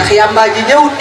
ndax yàmbaa ji ñëwut